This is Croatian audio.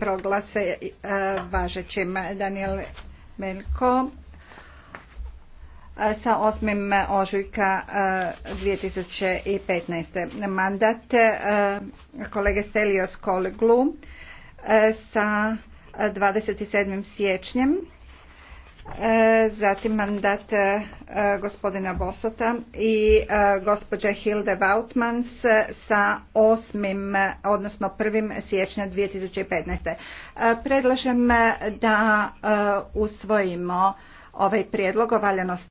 proglase e, važećim Daniel Melko e, sa 8. ožujka 2015. E, mandat kolege Stelios Koleglu sa 27. siječnjem E, zatim mandat e, gospodina Bosota i e, gospođe Hilde Vautmans sa osmim, odnosno prvim, siječnja 2015. Predlažem da usvojimo ovaj prijedlog o valjanosti